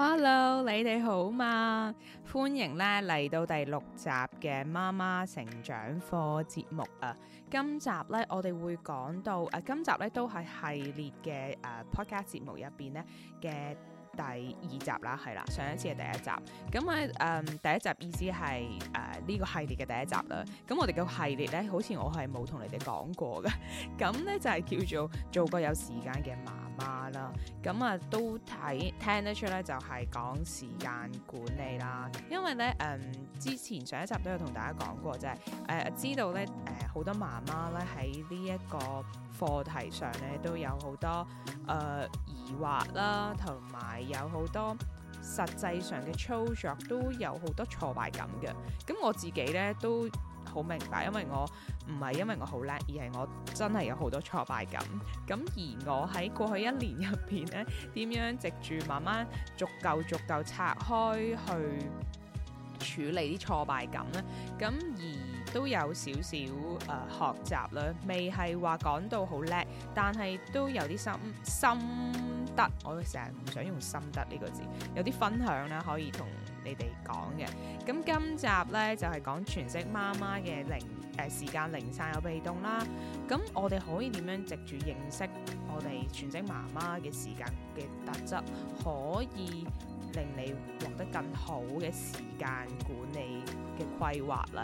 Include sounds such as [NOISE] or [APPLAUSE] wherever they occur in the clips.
Hello，你哋好嘛？歡迎咧嚟到第六集嘅媽媽成長課節目啊！今集咧我哋會講到，誒，今集咧都係系列嘅誒、呃、Podcast 節目入邊咧嘅。第二集啦，係啦，上一次係第一集，咁啊，嗯，第一集意思係，誒、呃，呢、這個系列嘅第一集啦，咁我哋嘅系列咧，好似我係冇同你哋講過嘅，咁 [LAUGHS] 咧就係、是、叫做做個有時間嘅媽媽啦，咁啊都睇聽得出咧，就係講時間管理啦，因為咧，嗯，之前上一集都有同大家講過，就係，誒，知道咧，誒、呃，好多媽媽咧喺呢一、這個。課題上咧都有好多誒、呃、疑惑啦，同埋有好多實際上嘅操作都有好多挫敗感嘅。咁我自己咧都好明白，因為我唔係因為我好叻，而係我真係有好多挫敗感。咁而我喺過去一年入邊咧，點樣藉住慢慢逐個逐個拆開去處理啲挫敗感呢？咁而都有少少誒、呃、學習啦，未係話講到好叻，但係都有啲心心得。我成日唔想用心得呢個字，有啲分享啦，可以同你哋講嘅。咁今集呢，就係、是、講全職媽媽嘅零誒、呃、時間零散又被動啦。咁我哋可以點樣藉住認識我哋全職媽媽嘅時間嘅特質，可以令你獲得更好嘅時間管理嘅規劃呢？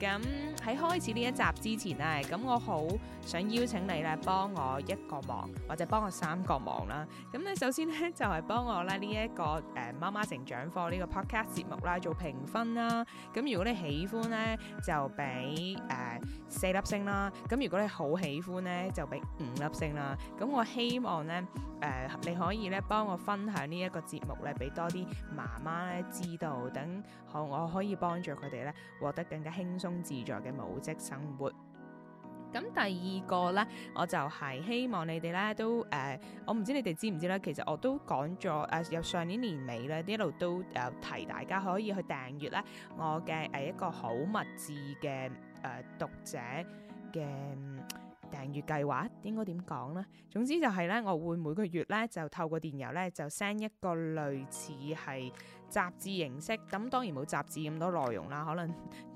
咁喺開始呢一集之前咧，咁我好想邀請你咧幫我一個忙，或者幫我三個忙啦。咁咧首先咧就係幫我咧呢一個誒媽媽成長課呢個 Podcast 節目啦做評分啦。咁如果你喜歡咧就俾誒四粒星啦。咁如果你好喜歡咧就俾五粒星啦。咁我希望咧誒你可以咧幫我分享呢一個節目咧俾多啲媽媽咧知道，等，我可以幫助佢哋咧獲得更加輕鬆自在嘅母職生活。咁第二個咧，我就係希望你哋咧都誒、呃，我唔知你哋知唔知咧。其實我都講咗誒，由上年年尾咧一路都有、呃、提，大家可以去訂閱咧我嘅誒、呃、一個好物質嘅誒讀者嘅訂閱計劃。應該點講咧？總之就係、是、咧，我會每個月咧就透過電郵咧就 send 一個類似係雜誌形式，咁當然冇雜誌咁多內容啦，可能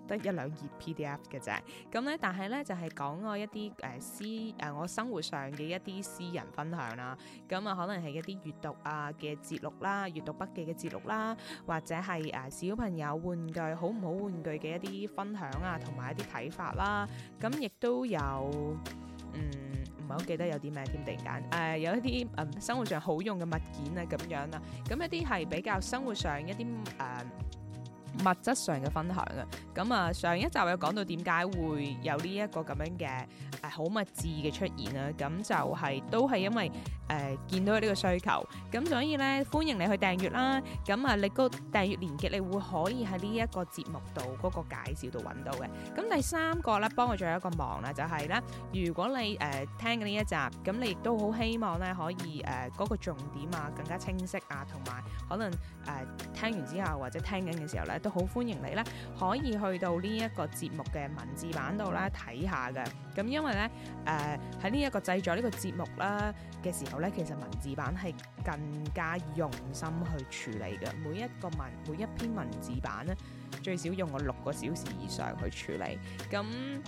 得一兩頁 PDF 嘅啫。咁咧，但係咧就係、是、講我一啲誒私，誒、呃呃、我生活上嘅一啲私人分享啦。咁啊、嗯，可能係一啲閲讀啊嘅、呃、節錄啦，閲讀筆記嘅節錄啦，或者係誒、呃、小朋友玩具好唔好玩具嘅一啲分享啊，同埋一啲睇法啦。咁亦都有嗯。唔係好記得有啲咩添，突然間誒、呃、有一啲誒、呃、生活上好用嘅物件啊咁樣啦，咁一啲係比較生活上一啲誒。呃物質上嘅分享啊，咁啊上一集有講到點解會有呢一個咁樣嘅誒好物質嘅出現啦，咁就係、是、都係因為誒、呃、見到呢個需求，咁所以咧歡迎你去訂閱啦，咁啊你個訂閱連結你會可以喺呢一個節目度嗰個介紹度揾到嘅。咁第三個咧幫我仲有一個忙啦，就係、是、咧如果你誒、呃、聽緊呢一集，咁你亦都好希望咧可以誒嗰、呃那個重點啊更加清晰啊，同埋可能誒、呃、聽完之後或者聽緊嘅時候咧。都好歡迎你咧，可以去到呢一個節目嘅文字版度咧睇下嘅。咁因為咧，誒喺呢一個製作呢個節目啦嘅時候咧，其實文字版係更加用心去處理嘅。每一個文每一篇文字版咧，最少用我六個小時以上去處理。咁、嗯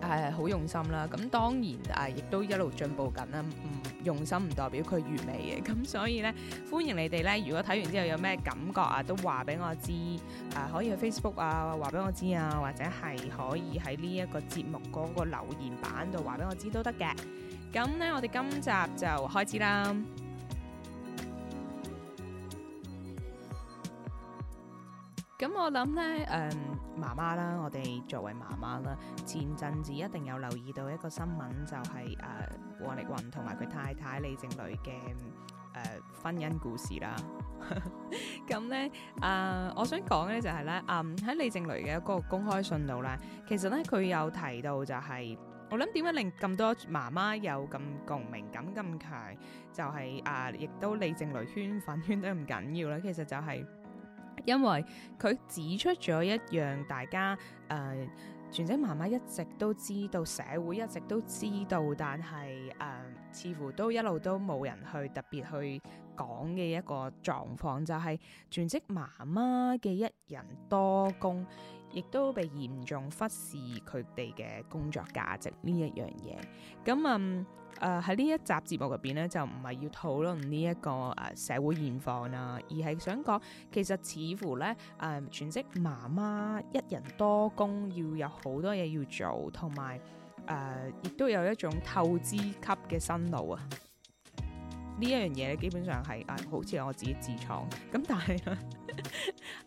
係好、uh, 用心啦，咁當然啊，uh, 亦都一路進步緊啦。唔用心唔代表佢完美嘅。咁所以呢，歡迎你哋呢。如果睇完之後有咩感覺啊，都話俾我知。Uh, 啊，可以去 Facebook 啊，話俾我知啊，或者係可以喺呢一個節目嗰個留言板度話俾我知、啊、都得嘅。咁呢，我哋今集就開始啦。咁我諗咧，誒，媽媽啦，我哋作為媽媽啦，前陣子一定有留意到一個新聞，就係誒，王力宏同埋佢太太李靜蕾嘅，誒，婚姻故事啦。咁咧，啊，我想講咧就係咧，嗯，喺李靜蕾嘅一個公開信度咧，其實咧佢有提到就係，我諗點解令咁多媽媽有咁共鳴感咁強，就係啊，亦都李靜蕾圈粉圈得唔緊要啦，其實就係。因為佢指出咗一樣大家誒、呃、全職媽媽一直都知道，社會一直都知道，但係誒、呃、似乎都一路都冇人去特別去講嘅一個狀況，就係、是、全職媽媽嘅一人多工，亦都被嚴重忽視佢哋嘅工作價值呢一樣嘢。咁嗯。嗯。誒喺呢一集節目入邊咧，就唔係要討論呢、這、一個誒、呃、社會現況啦、啊，而係想講其實似乎咧誒、呃、全職媽媽一人多工，要有好多嘢要做，同埋誒亦都有一種透支級嘅辛勞啊！呢一樣嘢基本上係誒、呃、好似我自己自創，咁但係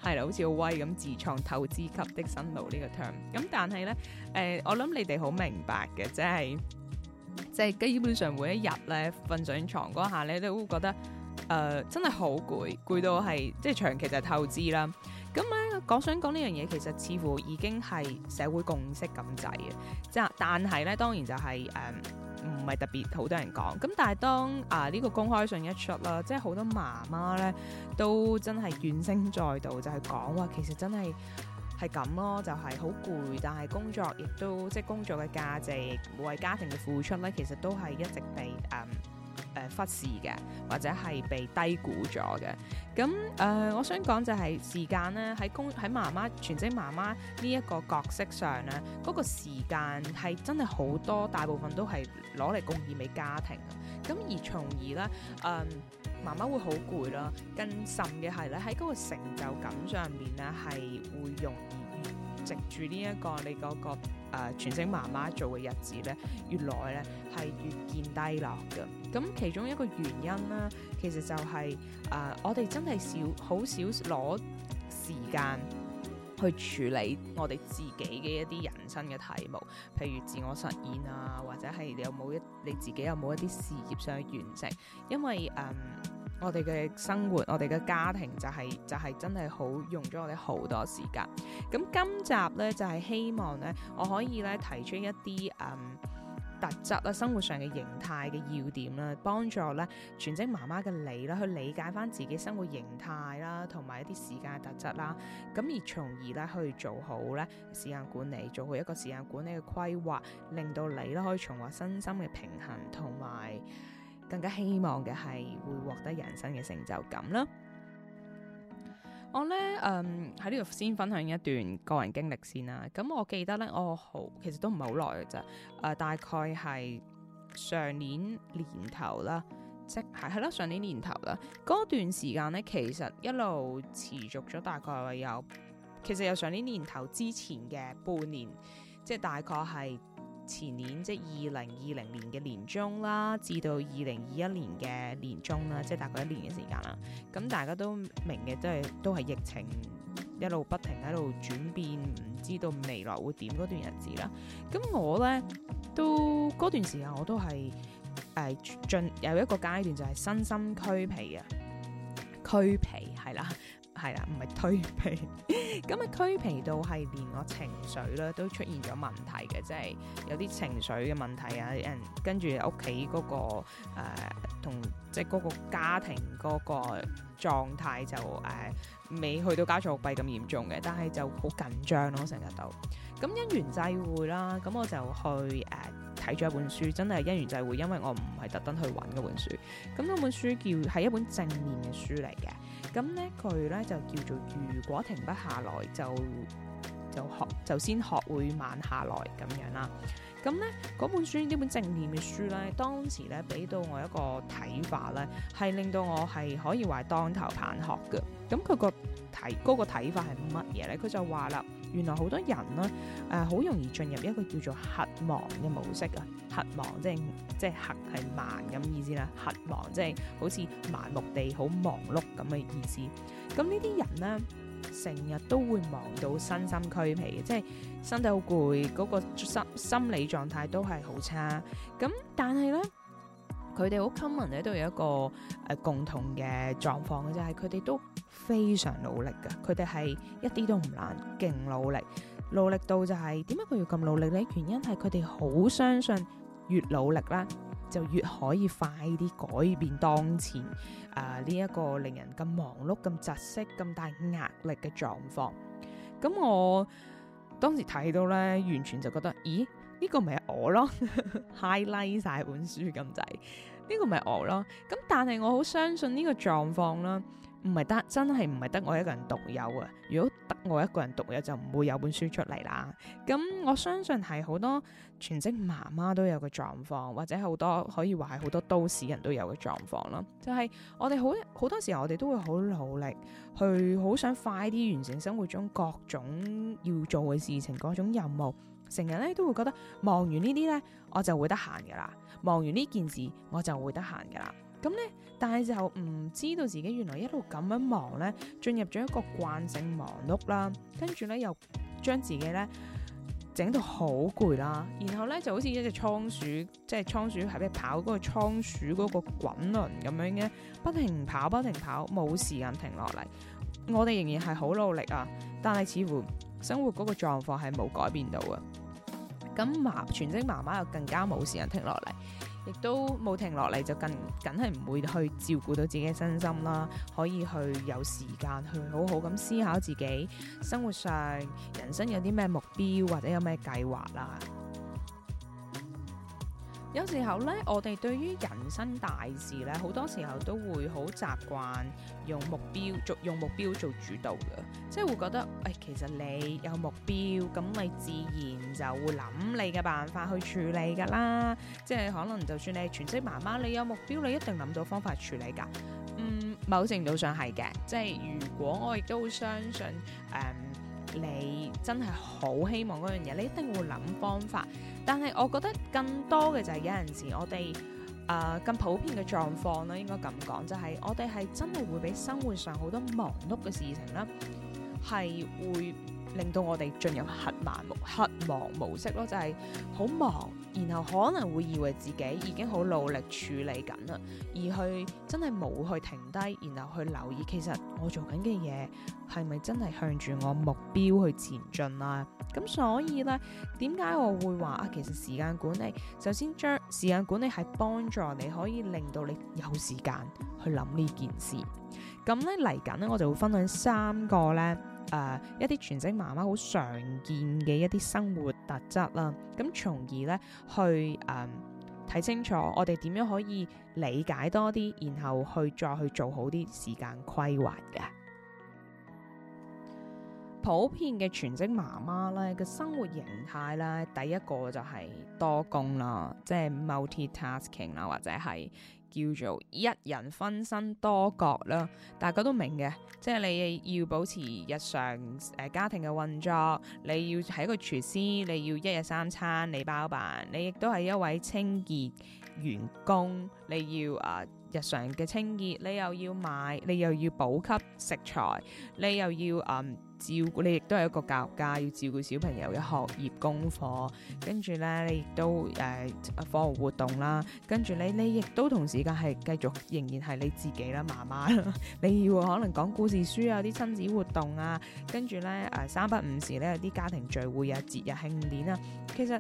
係啦，好似好威咁自創透支級的辛勞個呢個 term，咁但係咧誒，我諗你哋好明白嘅，即係。即係基本上每一日咧瞓上床嗰下咧都會覺得誒、呃、真係好攰，攰到係即係長期就係透支啦。咁咧講想講呢樣嘢，其實似乎已經係社會共識咁滯嘅。即係但係咧，當然就係誒唔係特別好多人講。咁但係當啊呢、呃這個公開信一出啦，即係好多媽媽咧都真係怨聲載道就，就係講話其實真係。係咁咯，就係好攰，但係工作亦都即係工作嘅價值，每為家庭嘅付出咧，其實都係一直被誒，Um，誒、呃，忽視嘅或者係被低估咗嘅，咁誒、呃，我想講就係時間咧，喺公喺媽媽全職媽媽呢一個角色上咧，嗰、那個時間係真係好多，大部分都係攞嚟貢獻俾家庭，咁而從而咧，誒、呃，媽媽會好攰咯。更甚嘅係咧，喺嗰個成就感上面咧，係會容易越藉住呢一個你嗰、那個誒、呃、全職媽媽做嘅日子咧，越嚟咧係越見低落嘅。咁其中一個原因啦，其實就係啊，呃，我哋真係少好少攞時間去處理我哋自己嘅一啲人生嘅題目，譬如自我實現啊，或者係你有冇一你自己有冇一啲事業上嘅完成，因為誒，呃，我哋嘅生活、我哋嘅家庭就係就係真係好用咗我哋好多時間。咁今集咧就係希望咧，我可以咧提出一啲誒、呃特質啦，生活上嘅形態嘅要點啦，幫助咧全職媽媽嘅你啦，去理解翻自己生活形態啦，同埋一啲時間嘅特質啦，咁而從而咧去做好咧時間管理，做好一個時間管理嘅規劃，令到你啦可以強化身心嘅平衡，同埋更加希望嘅係會獲得人生嘅成就感啦。我咧，嗯，喺呢度先分享一段個人經歷先啦。咁我記得咧，我、哦、好其實都唔係好耐嘅咋。誒、呃，大概係上年年頭啦，即係係啦，上年年頭啦。嗰段時間咧，其實一路持續咗大概有，其實有上年年頭之前嘅半年，即係大概係，前年即二零二零年嘅年中啦，至到二零二一年嘅年中啦，即係大概一年嘅時間啦。咁大家都明嘅，都係都係疫情一路不停喺度轉變，唔知道未來會點嗰段日子啦。咁我呢，都嗰段時間我都係誒、呃、進有一個階段就係、是、身心俱疲啊，俱疲係啦。係啦，唔係推皮，咁啊推皮到係連我情緒咧都出現咗問題嘅，即係有啲情緒嘅問題啊，人跟住屋企嗰個同、呃、即係嗰個家庭嗰個狀態就誒。呃未去到加錯幣咁嚴重嘅，但係就好緊張咯成日都。咁因緣際會啦，咁我就去誒睇咗一本書，真係因緣際會，因為我唔係特登去揾嗰本書。咁嗰本書叫係一本正面嘅書嚟嘅。咁咧佢咧就叫做如果停不下來，就就學就先學會慢下來咁樣啦。咁咧嗰本書呢本正面嘅書咧，當時咧俾到我一個睇法咧，係令到我係可以話係當頭棒喝嘅。咁佢個睇嗰個睇法係乜嘢咧？佢就話啦，原來好多人咧、啊，誒、呃、好容易進入一個叫做核「核忙」嘅模式啊！核忙即係即係「核係盲」咁意思啦，核忙即係好似盲目地好忙碌咁嘅意思。咁呢啲人咧，成日都會忙到身心俱疲，即係身體好攰，嗰、嗰個心心理狀態都係好差。咁但係咧。佢哋好 common 咧，都有一個誒共同嘅狀況嘅，就係佢哋都非常努力嘅，佢哋係一啲都唔懶，勁努力，努力到就係點解佢要咁努力咧？原因係佢哋好相信，越努力啦，就越可以快啲改變當前啊呢一個令人咁忙碌、咁窒息、咁大壓力嘅狀況。咁我當時睇到咧，完全就覺得，咦？呢個咪我咯，highlight 晒本書咁滯，呢個咪我咯。咁、 [LAUGHS] 這個、但係我好相信呢個狀況啦，唔係得真係唔係得我一個人獨有啊。如果得我一個人獨有，就唔會有本書出嚟啦。咁我相信係好多全職媽媽都有嘅狀況，或者好多可以話係好多都市人都有嘅狀況咯。就係、是、我哋好好多時候，我哋都會好努力去，好想快啲完成生活中各種要做嘅事情，各種任務。成日咧都會覺得忙完呢啲咧，我就會得閒噶啦。忙完呢件事，我就會得閒噶啦。咁咧，但係就唔知道自己原來一路咁樣忙咧，進入咗一個慣性忙碌啦。跟住咧又將自己咧整到好攰啦。然後咧就好似一隻倉鼠，即係倉鼠係咩跑嗰個倉鼠嗰個滾輪咁樣嘅，不停跑不停跑，冇時間停落嚟。我哋仍然係好努力啊，但係似乎生活嗰個狀況係冇改變到啊。咁媽全職媽媽又更加冇時間停落嚟，亦都冇停落嚟就更梗係唔會去照顧到自己嘅身心啦。可以去有時間去好好咁思考自己生活上人生有啲咩目標或者有咩計劃啦。有時候咧，我哋對於人生大事咧，好多時候都會好習慣用目標做用目標做主導嘅，即係會覺得，誒、哎，其實你有目標，咁你自然就會諗你嘅辦法去處理㗎啦。即係可能就算你係全職媽媽，你有目標，你一定諗到方法處理㗎。嗯，某程度上係嘅。即係如果我亦都相信，誒、嗯，你真係好希望嗰樣嘢，你一定會諗方法。但係，我覺得更多嘅就係有陣時我，我哋啊更普遍嘅狀況啦，應該咁講，就係、是、我哋係真係會俾生活上好多忙碌嘅事情啦，係會令到我哋進入黑忙模黑忙模式咯，就係、是、好忙。然後可能會以為自己已經好努力處理緊啦，而去真係冇去停低，然後去留意，其實我做緊嘅嘢係咪真係向住我目標去前進啦、啊？咁所以呢點解我會話啊？其實時間管理首先，將時間管理係幫助你可以令到你有時間去諗呢件事。咁呢嚟緊呢，我就會分享三個呢。誒、呃，一啲全職媽媽好常見嘅一啲生活特質啦，咁從而咧去誒睇、呃、清楚，我哋點樣可以理解多啲，然後去再去做好啲時間規劃嘅。普遍嘅全職媽媽咧嘅生活形態咧，第一個就係多工啦，即係 multitasking 啦，或者係。叫做一人分身多角啦，大家都明嘅，即係你要保持日常誒、呃、家庭嘅運作，你要係一個廚師，你要一日三餐你包辦，你亦都係一位清潔員工，你要誒、呃、日常嘅清潔，你又要買，你又要補給食材，你又要誒。呃照顧你亦都係一個教育家，要照顧小朋友嘅學業功課，跟住咧你亦都誒課外活動啦，跟住咧你亦都同時間係繼續仍然係你自己啦，媽媽啦，你要可能講故事書啊，啲親子活動啊，跟住咧誒三不五時咧有啲家庭聚會啊、節日慶典啊，其實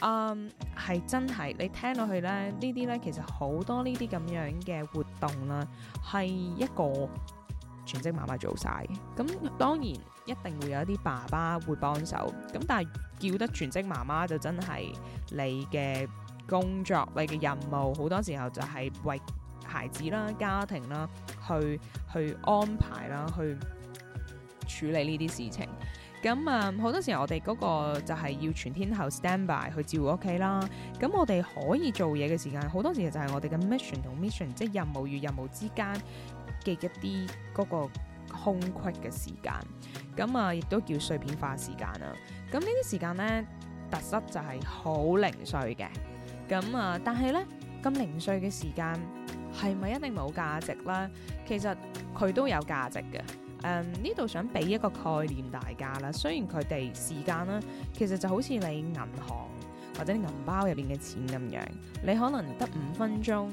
誒係、嗯、真係你聽落去咧，呢啲咧其實好多呢啲咁樣嘅活動啦，係一個。全職媽媽做晒，咁當然一定會有一啲爸爸會幫手。咁但係叫得全職媽媽就真係你嘅工作你嘅任務，好多時候就係為孩子啦、家庭啦，去去安排啦、去處理呢啲事情。咁啊，嗯、好多時候我哋嗰個就係要全天候 standby 去照顧屋企啦。咁我哋可以做嘢嘅時間，好多時候就係我哋嘅 mission 同 mission，即係任務與任務之間，嘅一啲嗰個空隙嘅時間，咁啊亦都叫碎片化時間啦。咁呢啲時間咧，特質就係好零碎嘅。咁啊，但係咧咁零碎嘅時間，係咪一定冇價值咧？其實佢都有價值嘅。誒呢度想俾一個概念大家啦。雖然佢哋時間啦，其實就好似你銀行或者你銀包入邊嘅錢咁樣，你可能得五分鐘，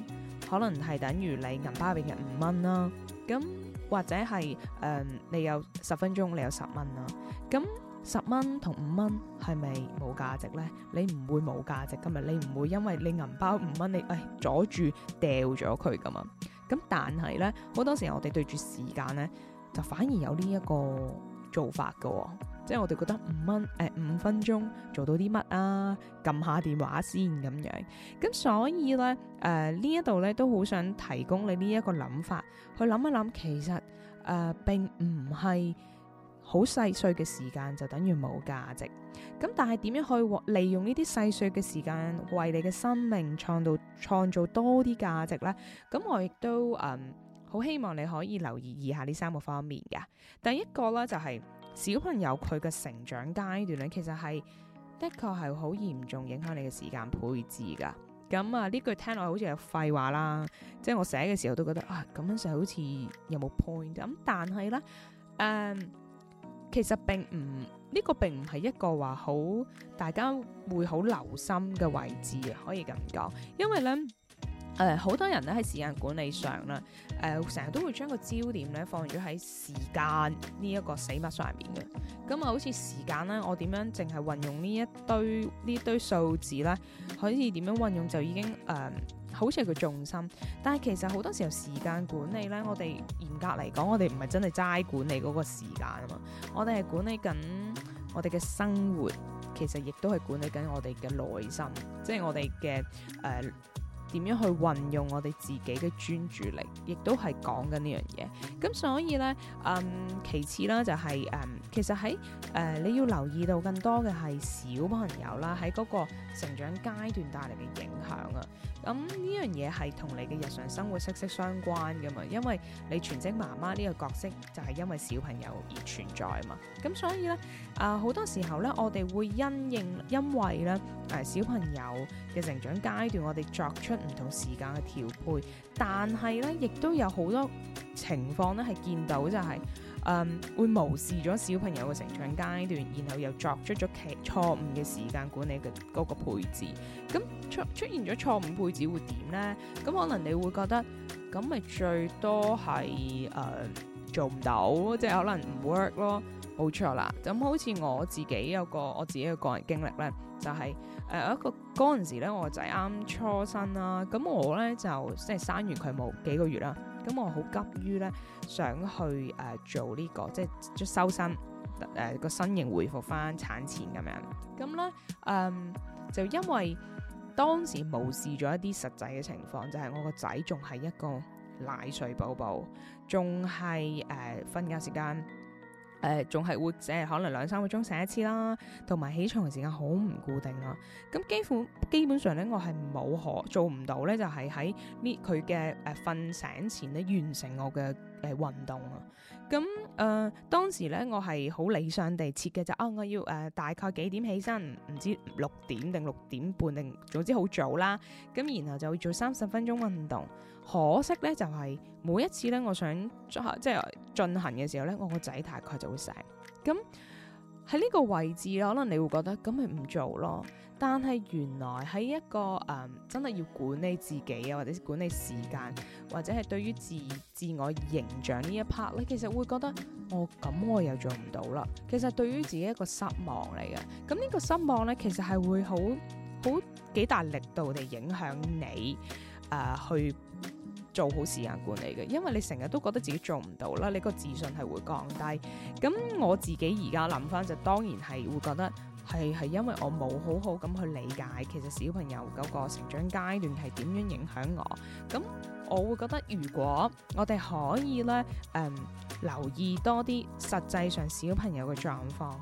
可能係等於你銀包入邊嘅五蚊啦。咁或者係誒、呃，你有十分鐘，你有十蚊啊。咁十蚊同五蚊係咪冇價值咧？你唔會冇價值噶嘛。今日你唔會因為你銀包五蚊，你誒阻住掉咗佢噶嘛。咁但係咧，好多時候我哋對住時間咧，就反而有呢一個做法噶、哦。即係我哋覺得五蚊誒五分鐘做到啲乜啊？撳下電話先咁樣，咁所以咧誒呢一度咧都好想提供你呢一個諗法，去諗一諗，其實誒、呃、並唔係好細碎嘅時間就等於冇價值。咁但係點樣去利用呢啲細碎嘅時間，為你嘅生命創造創造多啲價值咧？咁我亦都嗯好、呃、希望你可以留意以下呢三個方面嘅。第一個咧就係、是。小朋友佢嘅成長階段咧，其實係的確係好嚴重影響你嘅時間配置噶。咁啊，呢句聽落好似有廢話啦。即係我寫嘅時候都覺得啊，咁樣成好似有冇 point？咁但係咧，誒、嗯，其實並唔呢、呢個並唔係一個話好大家會好留心嘅位置啊，可以咁講，因為咧。誒，好、呃、多人咧喺時間管理上啦，誒、呃，成日都會將個焦點咧放咗喺時間呢一個死物上面嘅。咁、嗯、啊、嗯、好似時間咧，我點樣淨係運用呢一堆，一堆數字呢堆數字咧，可以點樣運用就已經誒、呃，好似係個重心。但係其實好多時候時間管理咧，我哋嚴格嚟講，我哋唔係真係齋管理嗰個時間啊嘛，我哋係管理緊我哋嘅生活，其實亦都係管理緊我哋嘅內心，即、就、係、是、我哋嘅誒。呃點樣去運用我哋自己嘅專注力，亦都係講緊呢樣嘢。咁所以呢，嗯，其次啦、就係，就係嗯，其實喺誒、呃、你要留意到更多嘅係小朋友啦，喺嗰個成長階段帶嚟嘅影響啊。咁呢、嗯、樣嘢係同你嘅日常生活息息相關噶嘛，因為你全職媽媽呢個角色就係因為小朋友而存在嘛，咁所以呢，啊、呃、好多時候呢，我哋會因應因為呢誒、呃、小朋友嘅成長階段，我哋作出唔同時間嘅調配，但係呢，亦都有好多情況呢，係見到就係、是。誒、嗯、會無視咗小朋友嘅成長階段，然後又作出咗其錯誤嘅時間管理嘅嗰個配置。咁、嗯、出出現咗錯誤配置會點咧？咁、嗯、可能你會覺得咁咪最多係誒、呃、做唔到，即係可能唔 work 咯。冇錯啦。咁好似我自己有個我自己嘅個人經歷咧，就係誒一個嗰陣時咧，我個仔啱初生啦，咁我咧就即係生完佢冇幾個月啦。咁我好急於咧，想去誒、呃、做呢、這個，即係即修身誒個、呃、身形，回復翻產前咁樣。咁咧，嗯，就因為當時無視咗一啲實際嘅情況，就係、是、我個仔仲係一個奶睡寶寶，仲係誒瞓覺時間。誒仲係會誒可能兩三個鐘醒一次啦，同埋起床嘅時間好唔固定啊。咁幾乎基本上咧，我係冇可做唔到咧，就係喺呢佢嘅誒瞓醒前咧完成我嘅誒運動啊。咁、呃、誒當時咧，我係好理想地設嘅就啊、是哦，我要誒、呃、大概幾點起身？唔知六點定六點半定，總之好早啦。咁然後就會做三十分鐘運動。可惜咧，就係、是、每一次咧，我想即係進行嘅時候咧，我個仔大概就會醒。咁喺呢個位置，可能你會覺得咁咪唔做咯。但係原來喺一個誒、嗯，真係要管理自己啊，或者管理時間，或者係對於自自我形象一呢一 part 咧，其實會覺得、哦、我咁我又做唔到啦。其實對於自己一個失望嚟嘅。咁呢個失望咧，其實係會好好幾大力度地影響你誒、呃、去。做好時間管理嘅，因為你成日都覺得自己做唔到啦，你個自信係會降低。咁我自己而家諗返，就當然係會覺得係係因為我冇好好咁去理解，其實小朋友嗰個成長階段係點樣影響我咁。我會覺得，如果我哋可以咧，誒、呃，留意多啲實際上小朋友嘅狀況，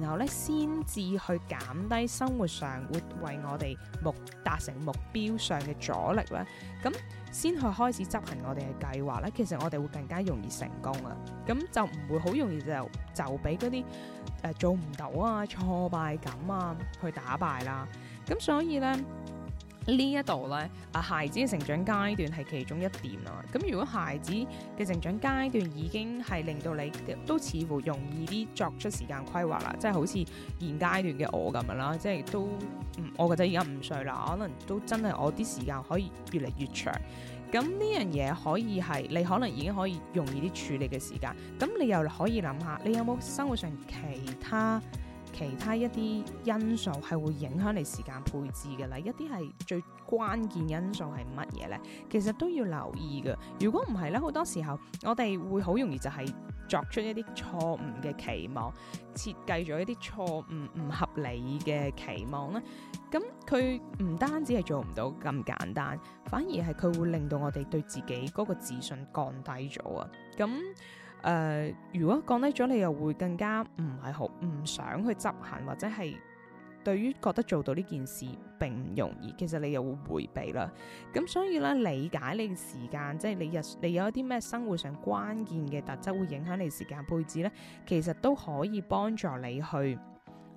然後咧，先至去減低生活上會為我哋目達成目標上嘅阻力咧，咁先去開始執行我哋嘅計劃咧，其實我哋會更加容易成功啦。咁就唔會好容易就就俾嗰啲誒做唔到啊、挫敗感啊去打敗啦。咁所以咧。呢一度咧，啊孩子嘅成長階段係其中一點啦。咁如果孩子嘅成長階段已經係令到你都似乎容易啲作出時間規劃啦，即係好似現階段嘅我咁樣啦，即係都，我覺得而家五歲啦，可能都真係我啲時間可以越嚟越長。咁呢樣嘢可以係你可能已經可以容易啲處理嘅時間。咁你又可以諗下，你有冇生活上其他，其他一啲因素係會影響你時間配置嘅啦，一啲係最關鍵因素係乜嘢咧？其實都要留意嘅。如果唔係咧，好多時候我哋會好容易就係作出一啲錯誤嘅期望，設計咗一啲錯誤唔合理嘅期望咧。咁佢唔單止係做唔到咁簡單，反而係佢會令到我哋對自己嗰個自信降低咗啊。咁誒，uh, 如果降低咗，你又會更加唔係好唔想去執行，或者係對於覺得做到呢件事並唔容易，其實你又會回避啦。咁所以咧，理解你嘅時間，即係你日你有一啲咩生活上關鍵嘅特質會影響你時間配置呢，其實都可以幫助你去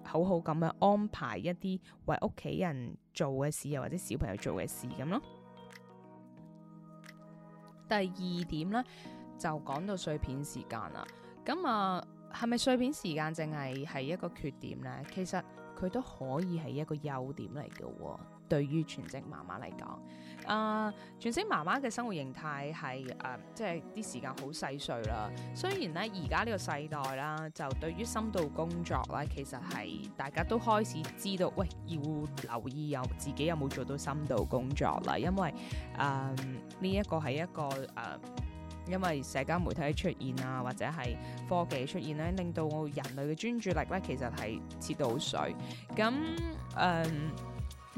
好好咁樣安排一啲為屋企人做嘅事，又或者小朋友做嘅事咁咯。第二點呢。就講到碎片時間啦，咁、嗯、啊，係咪碎片時間淨係係一個缺點呢？其實佢都可以係一個優點嚟嘅喎。對於全職媽媽嚟講，啊、呃，全職媽媽嘅生活形態係誒、呃，即係啲時間好細碎啦。雖然呢，而家呢個世代啦，就對於深度工作啦，其實係大家都開始知道，喂，要留意有自己有冇做到深度工作啦，因為誒呢、呃、一個係一個誒。呃因為社交媒體出現啊，或者係科技出現咧，令到我人類嘅專注力咧，其實係切到碎。咁誒、呃，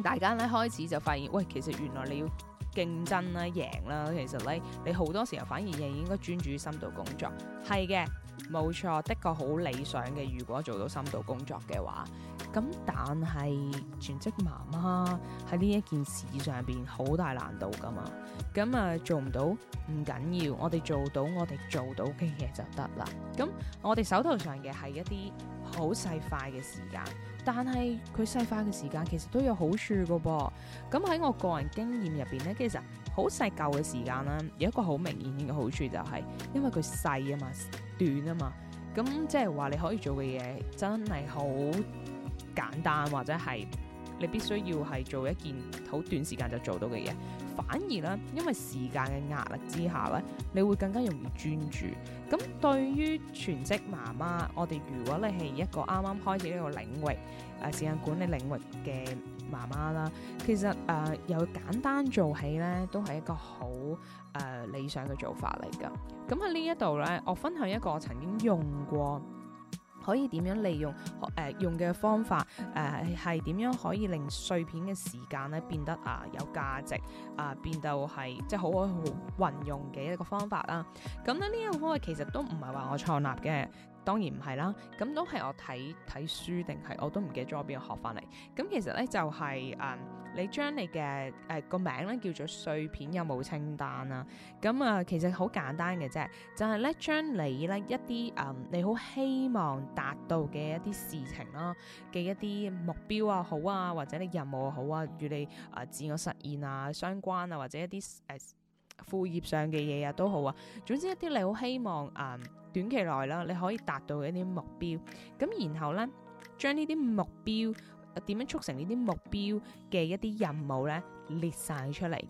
大家咧開始就發現，喂，其實原來你要競爭啦、啊、贏啦、啊，其實咧，你好多時候反而係應該專注於深度工作，係嘅。冇錯，的確好理想嘅。如果做到深度工作嘅話，咁但係全職媽媽喺呢一件事上邊好大難度㗎嘛。咁啊，做唔到唔緊要，我哋做到我哋做到嘅嘢就得啦。咁我哋手頭上嘅係一啲好細快嘅時間，但係佢細快嘅時間其實都有好處㗎噃。咁喺我個人經驗入邊咧，其實好細嚿嘅時間啦，有一個好明顯嘅好處就係因為佢細啊嘛。短啊嘛，咁即係話你可以做嘅嘢真係好簡單，或者係你必須要係做一件好短時間就做到嘅嘢。反而咧，因為時間嘅壓力之下咧，你會更加容易專注。咁對於全職媽媽，我哋如果你係一個啱啱開始呢個領域，誒、呃、時間管理領域嘅媽媽啦，其實誒由、呃、簡單做起咧，都係一個好誒、呃、理想嘅做法嚟噶。咁喺呢一度咧，我分享一個曾經用過。可以點樣利用誒、呃、用嘅方法誒，係點樣可以令碎片嘅時間咧，變得啊有價值啊，變到係即係好好運用嘅一個方法啦、啊。咁咧呢一個方法其實都唔係話我創立嘅。當然唔係啦，咁都係我睇睇書定係我都唔記得咗邊個學翻嚟。咁其實咧就係、是、誒、嗯，你將你嘅誒個名咧叫做碎片任務清單啊。咁、嗯、啊，其實好簡單嘅啫，就係咧將你咧一啲誒、嗯、你好希望達到嘅一啲事情啦，嘅一啲目標啊好啊，或者你任務好啊，與你誒、呃、自我實現啊相關啊，或者一啲誒、呃、副業上嘅嘢啊都好啊。總之一啲你好希望誒。嗯短期內啦，你可以達到一啲目標，咁然後咧，將呢啲目標，點樣促成呢啲目標嘅一啲任務咧列曬出嚟。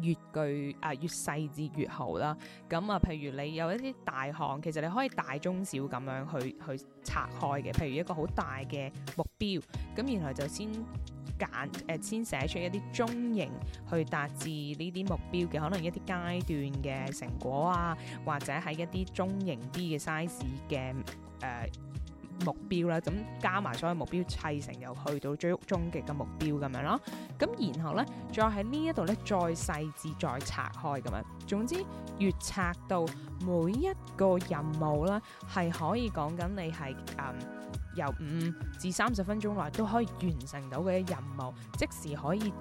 越具啊，呃、越細緻越好啦，咁啊，譬如你有一啲大項，其實你可以大中小咁樣去去拆開嘅，譬如一個好大嘅目標，咁然後就先揀誒，呃、先寫出一啲中型去達至呢啲目標嘅，可能一啲階段嘅成果啊，或者喺一啲中型啲嘅 size 嘅誒。呃目標啦，咁加埋所有目標砌成，又去到最終極嘅目標咁樣咯。咁然後呢，再喺呢一度呢，再細緻再拆開咁樣。總之，越拆到每一個任務啦，係可以講緊你係誒、呃、由五至三十分鐘內都可以完成到嘅任務，即時可以。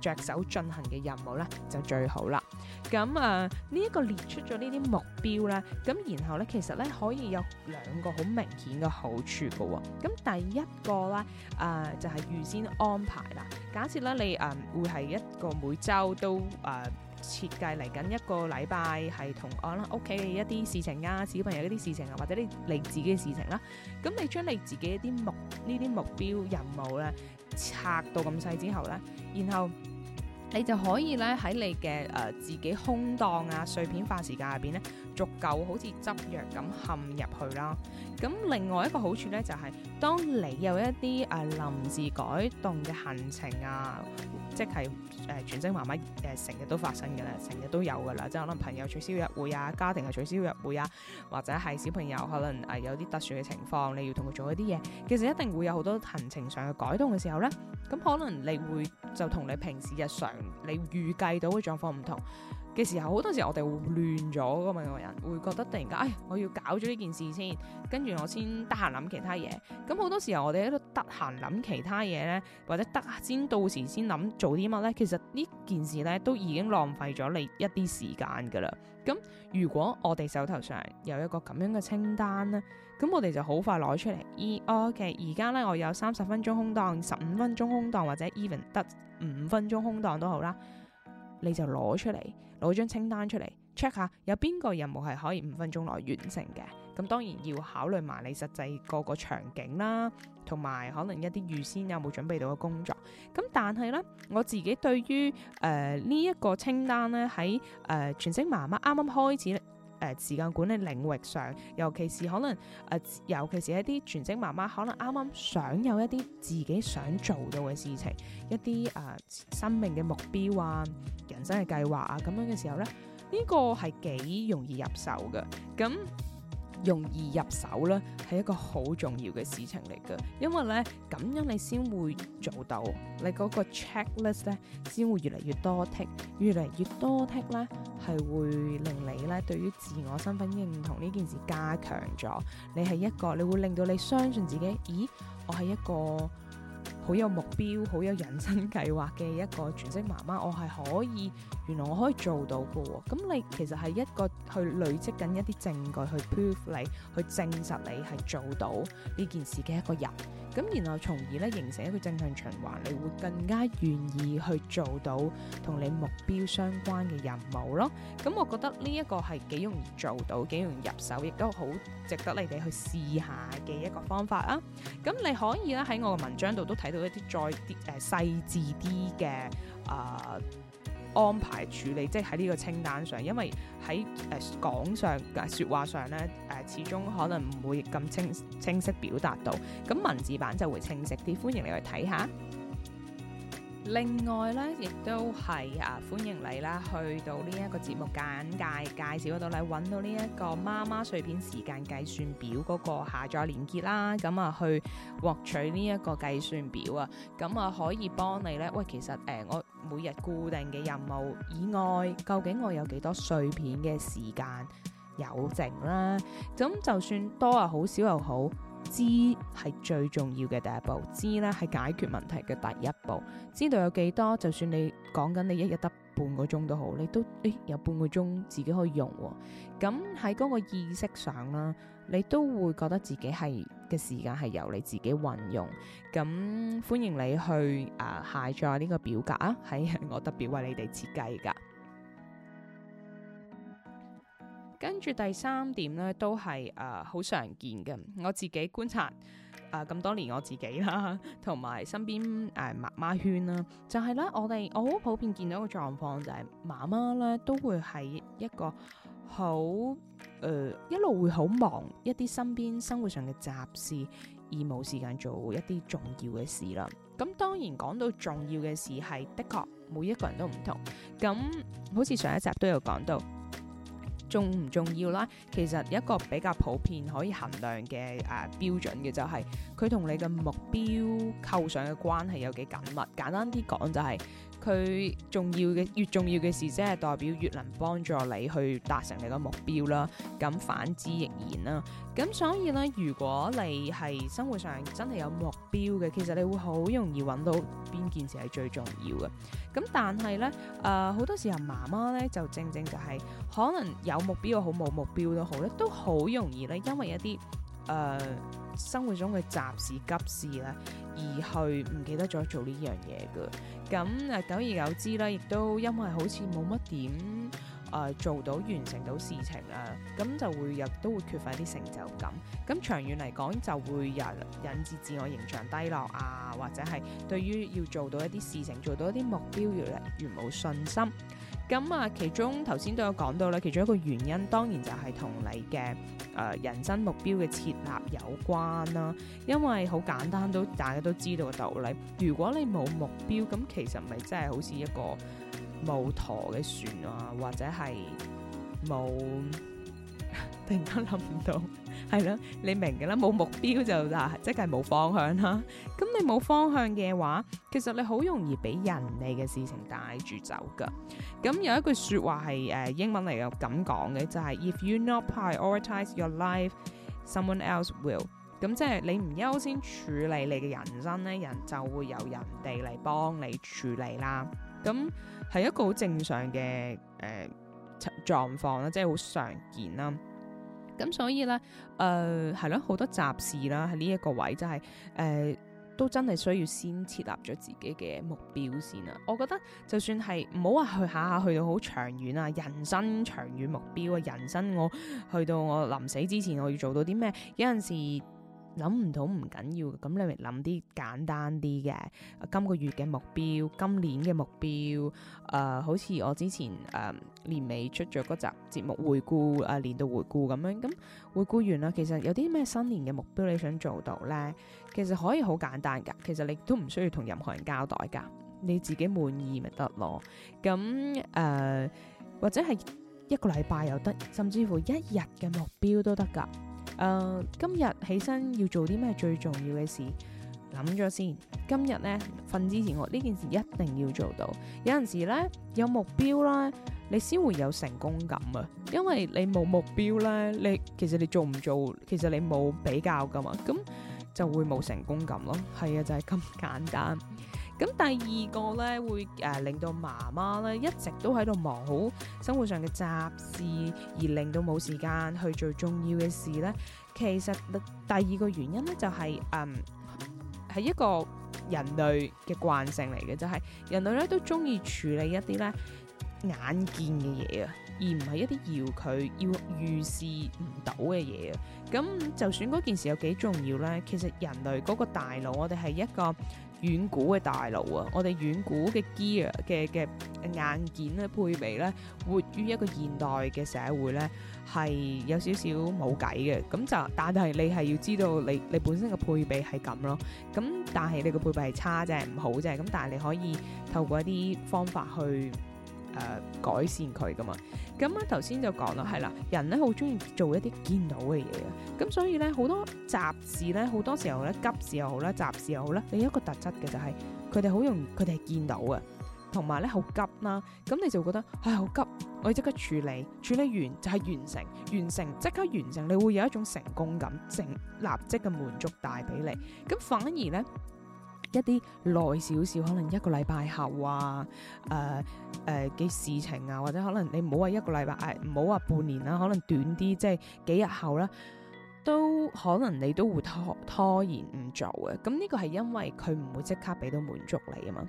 誒，着手進行嘅任務咧就最好啦。咁啊，呢、呃、一、這個列出咗呢啲目標咧，咁然後咧，其實咧可以有兩個好明顯嘅好處嘅喎、哦。咁第一個咧，誒、呃、就係、是、預先安排啦。假設咧你誒、呃、會係一個每周都誒、呃、設計嚟緊一個禮拜係同我啦屋企嘅一啲事情啊，小朋友一啲事情啊，或者你自、啊、你，你自己嘅事情啦。咁你將你自己一啲目呢啲目標任務咧。拆到咁細之後咧，然後你就可以咧喺你嘅誒、呃、自己空檔啊、碎片化時間入邊咧。足夠好似執藥咁陷入去啦。咁另外一個好處咧，就係、是、當你有一啲誒、啊、臨時改動嘅行程啊，即係誒、呃、全職媽媽誒成日都發生嘅啦，成日都有噶啦。即係可能朋友取消約會啊，家庭係取消約會啊，或者係小朋友可能誒、啊、有啲特殊嘅情況，你要同佢做一啲嘢，其實一定會有好多行程上嘅改動嘅時候咧，咁可能你會就同你平時日常你預計到嘅狀況唔同。嘅時候，好多時候我哋會亂咗噶嘛，個人會覺得突然間，哎，我要搞咗呢件事先，跟住我先得閒諗其他嘢。咁好多時候，我哋喺度得閒諗其他嘢咧，或者得先到時先諗做啲乜咧，其實呢件事咧都已經浪費咗你一啲時間噶啦。咁如果我哋手頭上有一個咁樣嘅清單咧，咁我哋就好快攞出嚟。依、e、，OK，而家咧我有三十分鐘空檔，十五分鐘空檔，或者 even 得五分鐘空檔都好啦，你就攞出嚟。攞張清單出嚟 check 下，有邊個任務係可以五分鐘內完成嘅？咁當然要考慮埋你實際個個場景啦，同埋可能一啲預先有冇準備到嘅工作。咁但係呢，我自己對於誒呢一個清單呢，喺誒、呃、全職媽媽啱啱開始。誒、呃、時間管理領域上，尤其是可能誒、呃，尤其是一啲全職媽媽，可能啱啱想有一啲自己想做到嘅事情，一啲誒、呃、生命嘅目標啊、人生嘅計劃啊咁樣嘅時候咧，呢、這個係幾容易入手嘅，咁。容易入手啦，係一個好重要嘅事情嚟嘅，因為呢，咁樣你先會做到，你嗰個 checklist 呢，先會越嚟越多剔，越嚟越多剔呢，係會令你呢對於自我身份認同呢件事加強咗。你係一個，你會令到你相信自己，咦，我係一個。好有目標、好有人生計劃嘅一個全職媽媽，我係可以，原來我可以做到㗎喎。咁你其實係一個去累積緊一啲證據去 proof 你，去證實你係做到呢件事嘅一個人。咁然後從而咧，形成一個正向循環，你會更加願意去做到同你目標相關嘅任務咯。咁我覺得呢一個係幾容易做到，幾容易入手，亦都好值得你哋去試下嘅一個方法啦。咁你可以咧，喺我嘅文章度都睇到一啲再啲誒細緻啲嘅啊。呃安排處理，即係喺呢個清單上，因為喺誒講上、說話上咧，誒、呃、始終可能唔會咁清清晰表達到，咁文字版就會清晰啲。歡迎你去睇下。另外咧，亦都係啊，歡迎你啦，去到呢一個節目簡介介紹嗰度，你搵到呢一個媽媽碎片時間計算表嗰個下載連結啦，咁啊去獲取呢一個計算表啊，咁啊可以幫你咧。喂，其實誒、呃、我。每日固定嘅任務以外，究竟我有幾多碎片嘅時間有剩啦？咁就算多又好，少又好，知係最重要嘅第一步，知咧係解決問題嘅第一步。知道有幾多，就算你講緊你一日得半個鐘都好，你都誒有半個鐘自己可以用喎。咁喺嗰個意識上啦，你都會覺得自己係嘅時間係由你自己運用，咁歡迎你去誒、呃、下載呢個表格啊，係我特別為你哋設計噶。跟住第三點呢，都係誒好常見嘅，我自己觀察誒咁、呃、多年我自己啦，同埋身邊誒媽媽圈啦，就係、是、咧我哋我好普遍見到個狀況就係媽媽咧都會喺一個。好，誒、呃、一路會好忙一啲身邊生活上嘅雜事，而冇時間做一啲重要嘅事啦。咁當然講到重要嘅事係的確每一個人都唔同。咁好似上一集都有講到重唔重要啦。其實一個比較普遍可以衡量嘅誒、呃、標準嘅就係佢同你嘅目標構想嘅關係有幾緊密。簡單啲講就係、是。佢重要嘅越重要嘅事，即係代表越能幫助你去達成你個目標啦。咁反之亦然啦。咁所以咧，如果你係生活上真係有目標嘅，其實你會好容易揾到邊件事係最重要嘅。咁但係咧，誒、呃、好多時候媽媽咧就正正就係、是、可能有目標好冇目標都好咧，都好容易咧，因為一啲。誒、呃、生活中嘅雜事急事咧，而去唔記得咗做呢樣嘢嘅。咁誒，久而久之咧，亦都因為好似冇乜點誒做到完成到事情啊，咁就會亦都會缺乏一啲成就感。咁長遠嚟講，就會引引致自我形象低落啊，或者係對於要做到一啲事情做到一啲目標，越嚟越冇信心。咁啊、嗯，其中頭先都有講到啦，其中一個原因當然就係同你嘅誒、呃、人生目標嘅設立有關啦。因為好簡單，都大家都知道個道理。如果你冇目標，咁其實咪真係好似一個冇舵嘅船啊，或者係冇 [LAUGHS] 突然間諗唔到。係咯，你明嘅啦，冇目標就嗱，即係冇方向啦。咁 [LAUGHS] 你冇方向嘅話，其實你好容易俾人哋嘅事情帶住走噶。咁有一句說話係誒、呃、英文嚟嘅，咁講嘅，就係、是、If you not prioritize your life, someone else will。咁即係你唔優先處理你嘅人生咧，人就會由人哋嚟幫你處理啦。咁係一個好正常嘅誒狀況啦，即係好常見啦。咁所以咧，誒係咯，好多雜事啦，喺呢一個位真係誒、呃、都真係需要先設立咗自己嘅目標先啦！我覺得就算係唔好話去下下去到好長遠啊，人生長遠目標啊，人生我去到我臨死之前我要做到啲咩？有陣時。諗唔到唔緊要，咁你咪諗啲簡單啲嘅。今個月嘅目標，今年嘅目標，誒、呃，好似我之前誒、呃、年尾出咗嗰集節目回顧，誒、呃、年度回顧咁樣。咁回顧完啦，其實有啲咩新年嘅目標你想做到呢？其實可以好簡單㗎，其實你都唔需要同任何人交代㗎，你自己滿意咪得咯。咁誒、呃，或者係一個禮拜又得，甚至乎一日嘅目標都得㗎。誒、uh, 今日起身要做啲咩最重要嘅事？諗咗先。今日呢，瞓之前，我呢件事一定要做到。有陣時呢，有目標啦，你先會有成功感啊！因為你冇目標呢，你其實你做唔做，其實你冇比較㗎嘛，咁就會冇成功感咯。係啊，就係、是、咁簡單。咁第二個咧，會誒令到媽媽咧一直都喺度忙，好生活上嘅雜事，而令到冇時間去做最重要嘅事咧。其實第二個原因咧，就係誒係一個人類嘅慣性嚟嘅，就係人類咧都中意處理一啲咧眼見嘅嘢啊，而唔係一啲遙距要預視唔到嘅嘢啊。咁就算嗰件事有幾重要咧，其實人類嗰個大腦，我哋係一個遠古嘅大腦啊，我哋遠古嘅 gear 嘅嘅硬件咧配備咧，活於一個現代嘅社會咧，係有少少冇計嘅。咁就但係你係要知道你，你你本身嘅配備係咁咯。咁但係你個配備係差啫係唔好啫。咁但係你可以透過一啲方法去。誒、呃，改善佢㗎嘛。咁咧頭先就講啦，係啦，人咧好中意做一啲見到嘅嘢嘅，咁所以咧好多雜事咧，好多時候咧，急事又好啦，雜事又好啦，你有一個特質嘅就係佢哋好容易，佢哋係見到嘅，同埋咧好急啦，咁你就覺得，唉好急，我要即刻處理，處理完就係、是、完成，完成即刻完成，你會有一種成功感，成立即嘅滿足帶俾你。咁反而咧。一啲耐少少，可能一個禮拜後啊，誒誒嘅事情啊，或者可能你唔好話一個禮拜，唔好話半年啦、啊，可能短啲，即係幾日後啦、啊，都可能你都會拖拖延唔做嘅。咁呢個係因為佢唔會即刻俾到滿足你啊嘛。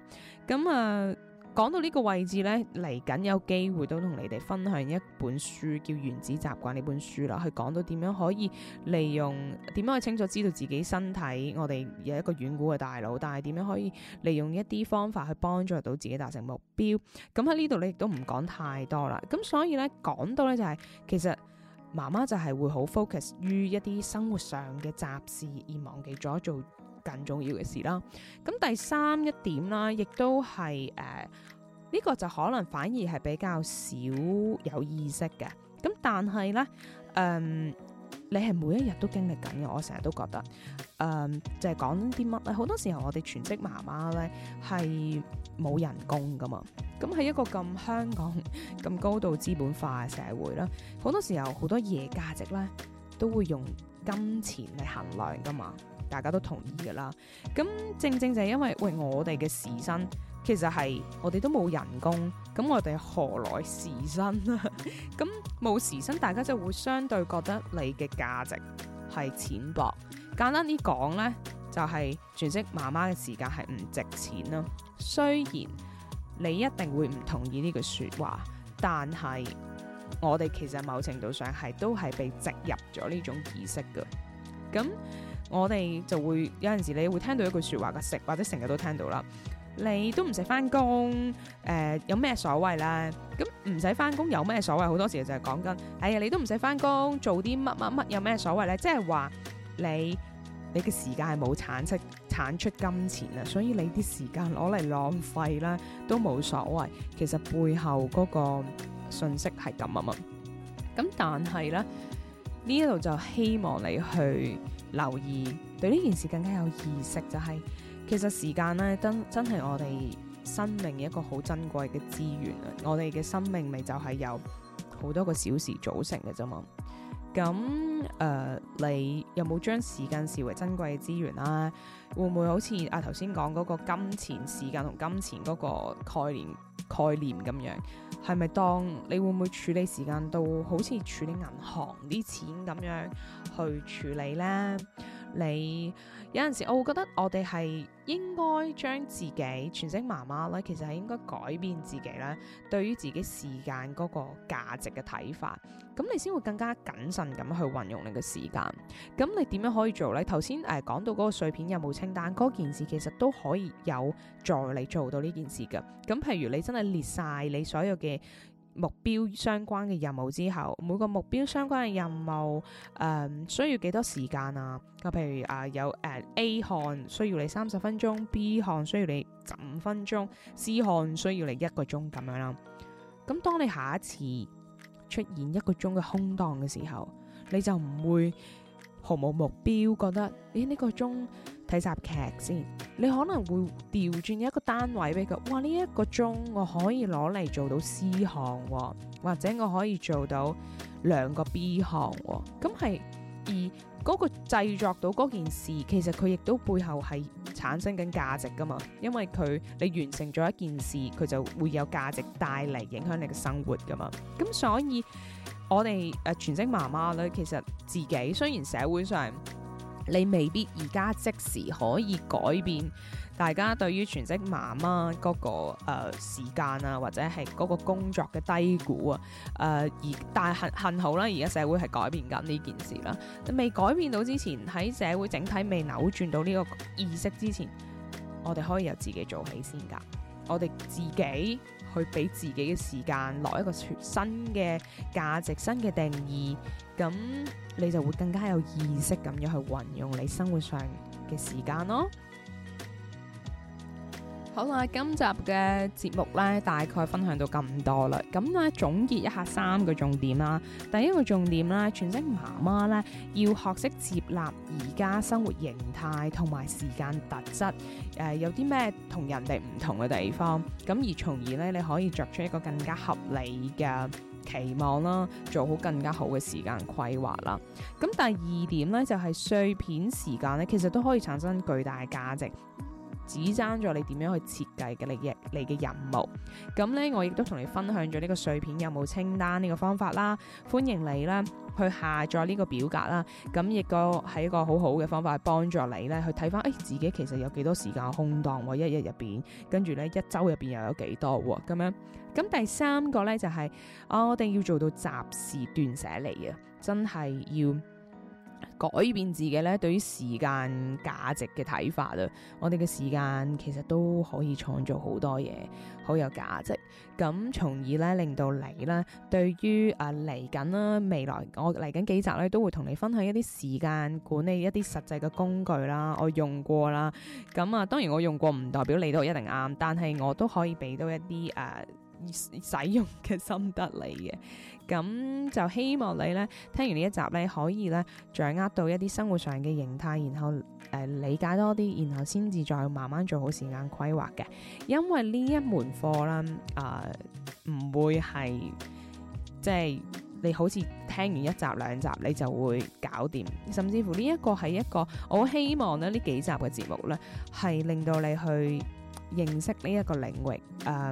咁、嗯、啊～、呃講到呢個位置呢，嚟緊有機會都同你哋分享一本書叫《原子習慣》呢本書啦，去講到點樣可以利用，點樣去清楚知道自己身體，我哋有一個遠古嘅大腦，但係點樣可以利用一啲方法去幫助到自己達成目標。咁喺呢度你亦都唔講太多啦。咁所以呢，講到呢就係，其實媽媽就係會好 focus 於一啲生活上嘅雜事，而忘記咗做。更重要嘅事啦，咁第三一點啦，亦都係誒呢個就可能反而係比較少有意識嘅。咁但係呢，誒、呃、你係每一日都經歷緊嘅。我成日都覺得，誒、呃、就係講啲乜。好多時候我哋全職媽媽呢，係冇人工㗎嘛。咁喺一個咁香港咁高度資本化嘅社會啦，好多時候好多嘢價值呢都會用金錢嚟衡量㗎嘛，大家都同意噶啦，咁正正就係因為喂，我哋嘅時薪其實係我哋都冇人工，咁我哋何來時薪啊？咁 [LAUGHS] 冇時薪，大家就會相對覺得你嘅價值係淺薄。簡單啲講咧，就係、是、全職媽媽嘅時間係唔值錢啦。雖然你一定會唔同意呢句說話，但係我哋其實某程度上係都係被植入咗呢種意識嘅，咁。我哋就會有陣時，你會聽到一句説話嘅，食或者成日都聽到啦。你都唔使翻工，誒、呃、有咩所謂咧？咁唔使翻工有咩所謂？好多時就係講緊，哎呀，你都唔使翻工，做啲乜乜乜有咩所謂咧？即係話你你嘅時間係冇產出產出金錢啊，所以你啲時間攞嚟浪費啦，都冇所謂。其實背後嗰個訊息係咁啊嘛。咁但係咧呢一度就希望你去。留意，對呢件事更加有意識，就係，就係其實時間咧真真係我哋生命一個好珍貴嘅資源啊！我哋嘅生命咪就係有好多個小時組成嘅啫嘛。咁誒、呃，你有冇將時間視為珍貴嘅資源會會啊？會唔會好似啊頭先講嗰個金錢，時間同金錢嗰個概念概念咁樣？係咪當你會唔會處理時間到好似處理銀行啲錢咁樣去處理咧？你？有陣時，我會覺得我哋係應該將自己全職媽媽咧，其實係應該改變自己咧，對於自己時間嗰個價值嘅睇法，咁你先會更加謹慎咁去運用你嘅時間。咁你點樣可以做呢？頭先誒講到嗰個碎片任務清單嗰件事，其實都可以有助你做到呢件事嘅。咁譬如你真係列晒你所有嘅目標相關嘅任務之後，每個目標相關嘅任務誒、呃、需要幾多時間啊？咁譬如啊、呃、有誒 A 項需要你三十分鐘，B 項需要你十五分鐘，C 項需要你一個鐘咁樣啦。咁當你下一次出現一個鐘嘅空檔嘅時候，你就唔會毫無目標，覺得誒呢、欸呢個鐘。睇集劇先，你可能會調轉一個單位俾佢。哇！呢一個鐘我可以攞嚟做到 C 項，或者我可以做到兩個 B 項喎。咁係而嗰個製作到嗰件事，其實佢亦都背後係產生緊價值噶嘛。因為佢你完成咗一件事，佢就會有價值帶嚟影響你嘅生活噶嘛。咁所以我哋誒、呃、全職媽媽咧，其實自己雖然社會上，你未必而家即時可以改變大家對於全職媽媽嗰個誒時間啊，或者係嗰個工作嘅低估啊，誒而但係幸幸好啦，而家社會係改變緊呢件事啦。未改變到之前，喺社會整體未扭轉到呢個意識之前，我哋可以由自己做起先㗎。我哋自己。去俾自己嘅時間，落一個全新嘅價值、新嘅定義，咁你就會更加有意識咁樣去運用你生活上嘅時間咯。好啦，今集嘅節目咧，大概分享到咁多啦。咁咧總結一下三個重點啦。第一個重點咧，全職媽媽咧要學識接納而家生活形態同埋時間特質，誒，呃，有啲咩同人哋唔同嘅地方，咁而從而咧你可以作出一個更加合理嘅期望啦，做好更加好嘅時間規劃啦。咁第二點咧就係、是、碎片時間咧，其實都可以產生巨大嘅價值。只爭在你點樣去設計嘅你嘅你嘅任務，咁咧我亦都同你分享咗呢個碎片任務清單呢個方法啦，歡迎你啦去下載呢個表格啦。咁亦個係一個好好嘅方法去幫助你咧去睇翻，哎自己其實有幾多時間空檔喎，一日入邊，跟住咧一周入邊又有幾多喎，咁樣，咁第三個咧就係、是哦、我哋要做到暫時斷捨離啊，真係要。改變自己咧，對於時間價值嘅睇法啊！我哋嘅時間其實都可以創造好多嘢，好有價值。咁從而咧，令到你咧，對於啊嚟緊啦，未來我嚟緊幾集咧，都會同你分享一啲時間管理一啲實際嘅工具啦，我用過啦。咁啊，當然我用過唔代表你都一定啱，但係我都可以俾到一啲誒、啊、使用嘅心得你嘅。咁就希望你咧，聽完呢一集咧，可以咧掌握到一啲生活上嘅形態，然後誒、呃、理解多啲，然後先至再慢慢做好時間規劃嘅。因為呢一門課啦，啊、呃，唔會係即係你好似聽完一集兩集你就會搞掂，甚至乎呢一個係一個我希望咧，呢幾集嘅節目咧，係令到你去認識呢一個領域，誒、呃。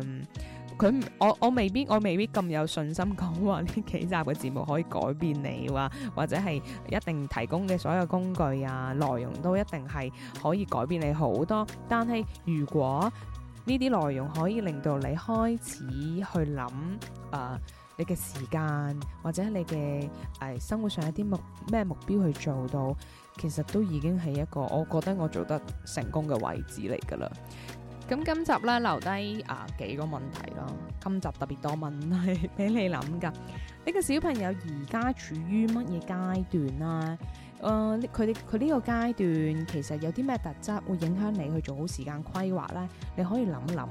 佢，我我未必，我未必咁有信心講話呢幾集嘅節目可以改變你話，或者係一定提供嘅所有工具啊、內容都一定係可以改變你好多。但係如果呢啲內容可以令到你開始去諗啊、呃，你嘅時間或者你嘅誒、呃、生活上一啲目咩目標去做到，其實都已經係一個我覺得我做得成功嘅位置嚟㗎啦。咁今集咧留低啊幾個問題咯，今集特別多問題俾 [LAUGHS] 你諗噶。你、這個小朋友而家處於乜嘢階段啊？誒，佢哋佢呢個階段其實有啲咩特質會影響你去做好時間規劃呢？你可以諗諗喎。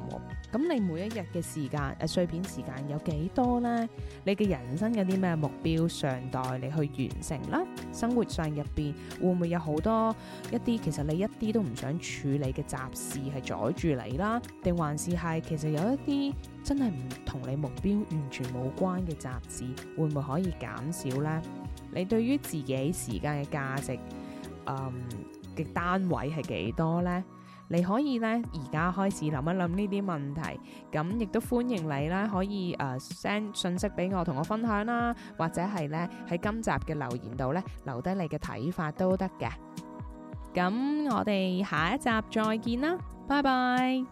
咁你每一日嘅時間誒碎片時間有幾多呢？你嘅人生有啲咩目標尚待你去完成啦？生活上入邊會唔會有好多一啲其實你一啲都唔想處理嘅雜事係阻住你啦？定還是係其實有一啲真係唔同你目標完全冇關嘅雜事，會唔會可以減少呢？你對於自己時間嘅價值，嘅、嗯、單位係幾多呢？你可以呢，而家開始諗一諗呢啲問題，咁亦都歡迎你呢，可以誒 send 信息俾我，同我分享啦，或者係呢，喺今集嘅留言度呢，留低你嘅睇法都得嘅。咁我哋下一集再見啦，拜拜。